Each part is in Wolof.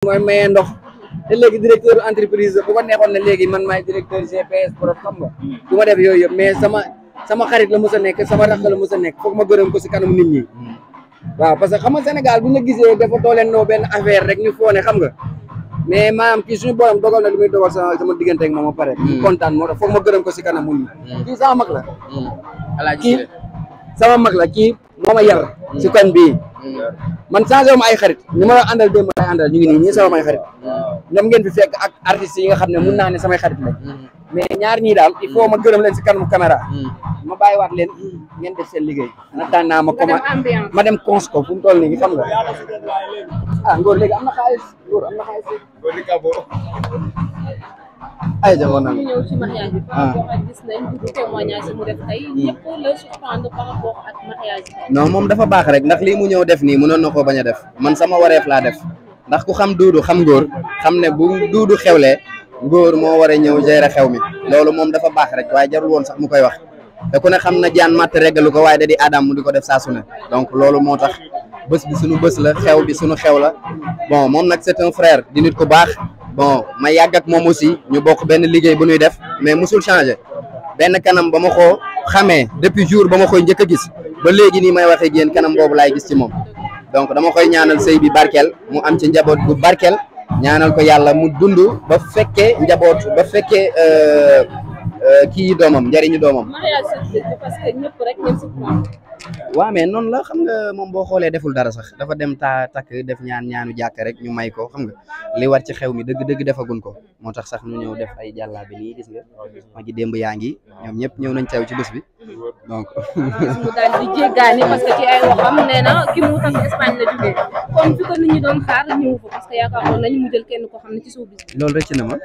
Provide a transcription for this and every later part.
mooy maye ndox te léegi directeur entreprise bu neexoon ne léegi man maay directeur GPS borom xam nga du ma yooyu yëpp mais sama sama xarit la mu sa nekk sama rakk la mos sa nekk foog ma gërëm ko si kanamu nit ñi waaw parce que xam nga Sénégal bu ñu gisee dafa dooleen noo benn affaire rek ñu foone xam nga mais maanaam kii suñu borom dogal na lu muy dogal sama sama diggante ak moom a pare hmm. kontaan moo tax foog ma gërëm ko si kanamu nit ñi hmm. kii sama mag la hmm. kii sama mag la kii moo ma si koñ bii Mm. man changé ma ay xarit ñu ma àndal ma ay àndal ñu ngi nii ñii sama may xarit ñoom ngeen fi fekk ak artistes yi nga xam ne mun naa ne samay xarit la mm. mais ñaar ñii daal il faut ma gërëm leen si kanamu caméra mm. ma bàyyiwaat leen ngeen def seen liggéey nattaan naa ma comment ma dem cons ko fu mu toll nii xam nga ah ngóor léegi am na xaalis ngóor am ay jamono ñu ñëw ah. hmm. moom dafa baax rek ndax lii mu ñëw def nii mu mënoon na ko bañ a def man sama wareef laa def ndax ku xam duudu xam ngóor xam ne bu duudu xewlee ngóor moo war ñëw gérer xew mi loolu moom dafa baax rek waaye jarul woon sax mu koy wax te ku ne xam na jaan matt reggalu ko waaye da di adam mu di ko def saa su donc loolu moo tax bës bi suñu bës la xew bi sunu xew la bon moom nag c'est un di nit ku baax. bon ma yàgg ak moom aussi ñu bokk benn liggéey bu ñuy def mais musul changé benn kanam ba ma ko xamee depuis jour ba ma koy njëkk a gis ba léegi nii may waxee ak kanam boobu laay gis ci moom donc dama koy ñaanal sëy bi barkeel mu am ci njaboot bu barkeel ñaanal ko yàlla mu dund ba fekkee njaboot ba fekkee euh, Euh, kii doomam njariñu doomam. waaw mais noonu la xam nga moom boo xoolee deful dara sax dafa dem ta takk def ñaan ñaanu jàkk rek ñu may ko xam nga li war ci xew mi dëgg dëgg defagun ko moo tax sax ñu ñëw def ay jàllaa bi nii gis nga ma gi démb yaa ngi ñoom ñëpp ñëw nañ teew ci bés bi donc. mu ci ay waxam nee na ki mu tam Espagne la jógee comme fi ko nit ñi doon xaar ñëw ko parce que yaakaaroon nañ mu kenn koo xam ne ci suuf bi. loolu rëcc na ma.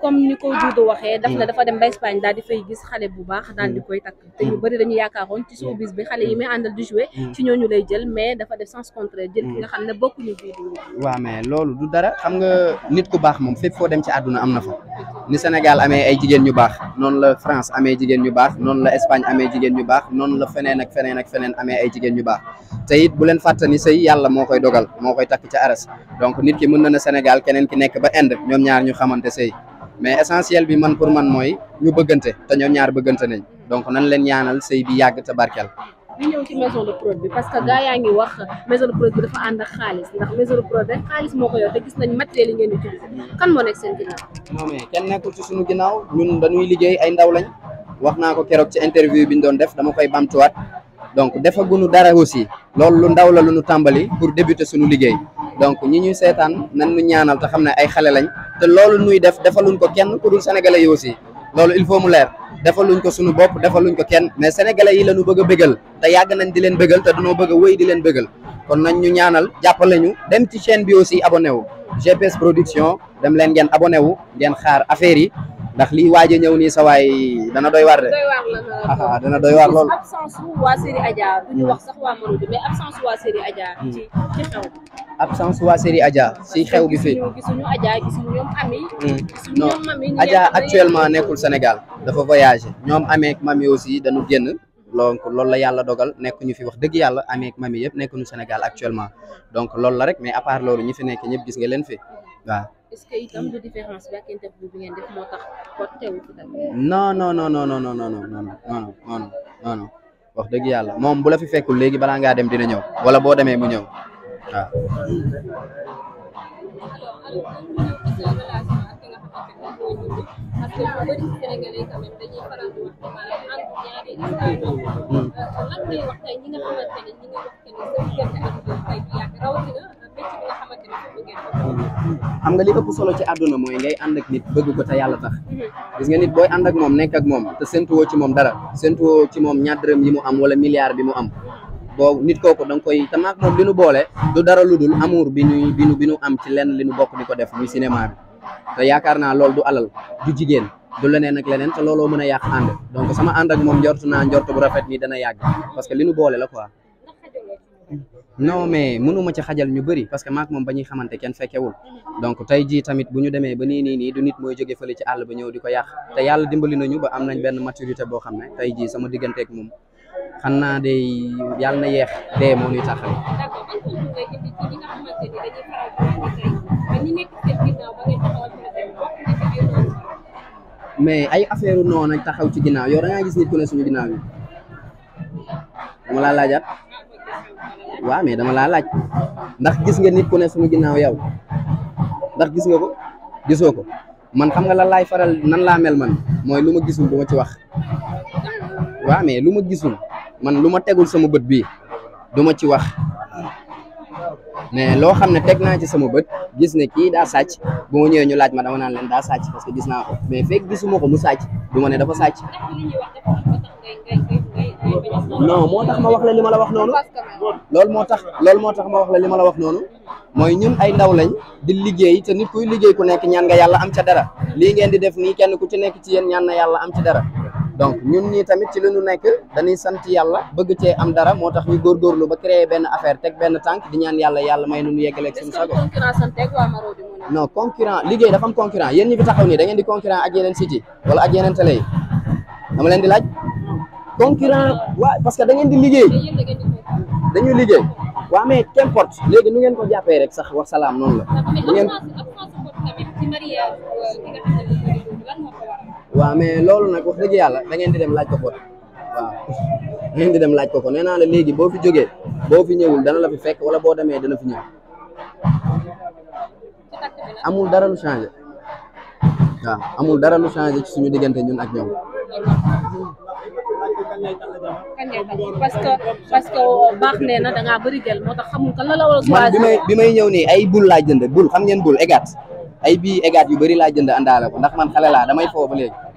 comme ni ko Doudou waxee daf na ah. dafa dem ba Espagne daal di fay gis xale bu baax daal di mm. koy takk te ñu mm. bëri dañu yaakaaroon ci suñu bis bi xale yi muy mm. àndal di jouer ci ñooñu lay jël mais dafa def sens contraire jël nga xam ne bokkuñu bii di loolu dara xam nga nit ku baax moom fépp foo dem ci àdduna am na fa ni Sénégal amee ay jigéen ñu baax noonu la France amee jigéen ñu baax noonu la Espagne amee jigéen ñu baax noonu la feneen ak feneen ak feneen amee ay jigéen ñu baax te it bu leen fàtte ni yàlla moo koy dogal moo koy takk ca aras donc nit ki mën na na Sénégal keneen ki nekk ba Inde ñoom ñaar ñu xamante sëy mais essentiel bi man pour man mooy ñu bëggante te ñoom ñaar bëggante nañ donc nan leen ñaanal sëy bi yàgg te barkeel. ñu ñëw ci maison de prod bi parce que gars yaa ngi wax maison de prod dafa ànd xaalis ndax maison de prod xaalis moo ko yor te gis nañ matériel yi ngeen utilisé kan moo nekk seen ginnaaw. non mais kenn nekkul ci suñu ginnaaw ñun dañuy liggéey ay ndaw lañ wax naa ko keroog ci interview bi ñu doon def dama koy bamtuwaat donc defaguñu dara aussi loolu lu ndaw la lu ñu tàmbali pour débuter suñu liggéey donc ñi ñuy seetaan nan ñaanal te xam ne ay xale lañ. te loolu nuy def defaluñ ko kenn ku dul sénégalais yi aussi loolu il faut mu leer defaluñ ko suñu bopp defaluñ ko kenn mais sénégalais yi lañu bëgg a te yàgg nañ di leen bëggal te dañoo bëgg a wéy di leen bégal kon nañ ñu ñaanal jàppale ñu dem ci chaîne bi aussi abonné wu GPS production dem leen ngeen abonné wu ngeen xaar affaire yi ndax li waaj ñëw nii sa waay dana doy waar de. Ah, dana doy waar lool. absence waa ñu hmm. wax sax absence waa série Adja si xew gi fii. non Adja actuellement nekkul Sénégal dafa voyagé ñoom ameek ak mami aussi dañu génn donc loolu la yàlla dogal nekk ñu fi wax dëgg yàlla ameek ak mami yëpp nekk ñu Sénégal actuellement donc loolu la rek mais à part loolu ñi fi nekk ñëpp gis nga leen fi waa est-ce que itam du différence bi ak interview wax dëgg yàlla moom bu la fi fekkul léegi balaa ngaa dem dina ñëw wala boo demee mu ñëw. xam nga li ëpp solo ci àdduna mooy ngay ànd ak nit bëgg ko te yàlla tax gis nga nit booy ànd moom nekk ak moom te séntuwoo ci moom dara séntuwoo ci moom ñaar dërëm mu am wala milliard bi mu am koo nit kooku da koy te maak moom li nu boole du dara lu dul amour bi ñuy bi nu am ci lenn li nu bokk di ko def muy cinéma bi te yaakaar naa loolu du alal du jigéen du leneen ak leneen te looloo mën a yàq ànd donc sama ànd ak moom njort naa njort bu rafet ni dana yàgg parce que li nu boole la quoi non mais mënuma ci xajal ñu bëri parce que maak moom ba ñuy xamante kenn fekkewul donc tey jii tamit bu ñu demee ba nii nii nii du nit mooy jóge ci àll ba ñëw di ko yàq yàlla dimbali nañu ba am nañ benn maturité boo xam ne tey jii sama digganteek moom xam naa de yàlla na yéex dee moo ñuy taxaw. mais ay affaire noonu ak taxaw ci ginnaaw yow da gis nit ku ne suñu ginnaaw yi dama laa laajaat waaw mais dama laa laaj ndax gis nga nit ku ne suñu ginnaaw yow ndax gis nga ko gisoo ko man xam nga la laay faral nan laa mel man mooy lu ma gisul du ma ci wax waaw mais lu ma gisul. man lu ma tegul sama bët bii duma ci wax mais loo xam ne teg naa ci sama bët gis ne kii daa sàcc bu ma ñëwee ñu laaj ma dama naan leen daa sàcc parce que gis naa ko mais fekk gisuma ko mu sàcc du ma ne dafa sàcc. non moo tax ma wax la li ma la wax noonu. loolu moo tax loolu moo tax ma wax la li ma la wax noonu mooy ñun ay ndaw lañ di liggéey te nit kuy liggéey ku nekk ñaan nga yàlla am ca dara lii ngeen di def nii kenn ku ci nekk ci yéen ñaan na yàlla am ci dara. donc ñun ñii tamit ci la ñu nekk dañuy sant yàlla bëgg cee am dara moo tax ñu góorgóorlu ba créer benn affaire teg benn tànk di ñaan yàlla yàlla may nu ñu yeggaleeg suñu sago non concurrent liggéey dafam am concurrent yéen ñi fi taxaw nii da ngeen di concurrent ak yeneen site yi wala ak yeneen yi dama leen di laaj concurrent waa parce que da di liggéey dañuy liggéey waa mais qu'importe léegi nu ngeen ko jàppee rek sax wax salaam noonu la waaw mais loolu nag wax dëgg yàlla da ngeen di dem laaj ko ko waaw da ngeen di dem laaj ko ko nee naa la léegi boo fi jógee boo fi ñëwul dana la fi fekk wala boo demee dana fi ñëw amul dara lu changé waaw amul dara lu changé ci suñu diggante ñun ak ñoom. parce que baax nee na da jël moo tax a. bi may bi may ñëw nii ay bul laa jënd bul xam ngeen bul égaat ay bii égaat yu bëri laa jënd àndaale ko ndax man xale laa damay foofu léegi.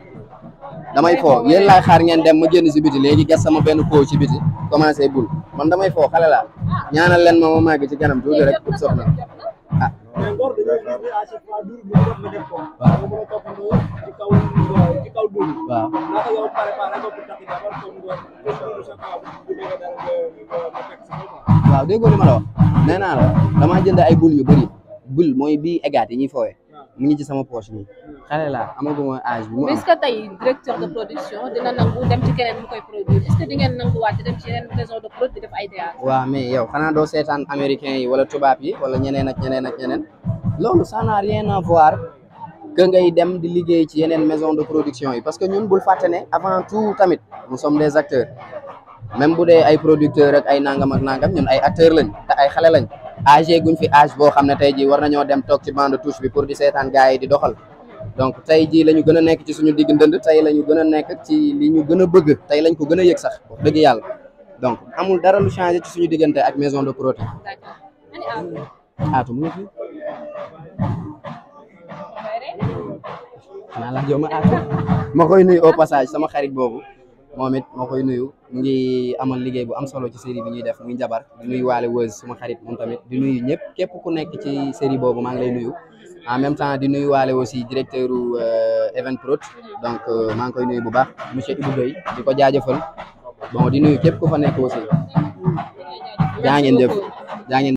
damay foo yéen la xaar ngeen dem ma génn si biti léegi gas sama benn koow ci biti commencé bul man damay foo xale laa ñaanal leen ma ma màgg ci kanam tuuti rek pour soxna ah. waaw ma la wax nee naa la damaa jënd ay bul yu bëri bul mooy bii eggaat yi ñuy foowee mu ngi ci sama poche mi xale la amaguma âge bi. mu am est-ce tey directeur de production dina nangu dem ci keneen mu koy produit def ay théâtre. waaw mais yow xanaa doo seetaan américain yi wala tubaab yi wala ñeneen ak ñeneen ak ñeneen loolu ça n'a rien à ngay dem di liggéey ci yeneen maison de production yi parce que ñun bul fàtte ne avant tout tamit mu som des acteurs même bu dee ay producteurs rek ay nangam ak nangam ñun ay acteurs lañ ay xale lañ. âgé guñ fi âge boo xam ne tey jii war nañoo dem toog ci bande touche bi pour di seetaan gars yi di doxal donc tey jii la ñu gën a nekk ci suñu digg ndënd tey la ñu gën a nekk ci li ñu gën a bëgg tey lañ ko gën a yëg sax dëgg yàlla donc amul dara lu changé ci suñu diggante ak maison de proté aatu mu ngi fi ma koy nuyu au passage sama xarit boobu moom it moo koy nuyu mu ngi amal liggéey bu am solo ci série bi ñuy def muy jabar di nuyu waale wëz suma xarit moom tamit di nuyu ñëpp képp ku nekk ci série boobu maa ngi lay nuyu en même temps di nuyu waale aussi directeur u euh, Evenprod donc euh, maa ngi koy nuyu bu baax monsieur Ibou Gueye di ko jaajëfal bon di nuyu képp ku fa nekk aussi jaa ngeen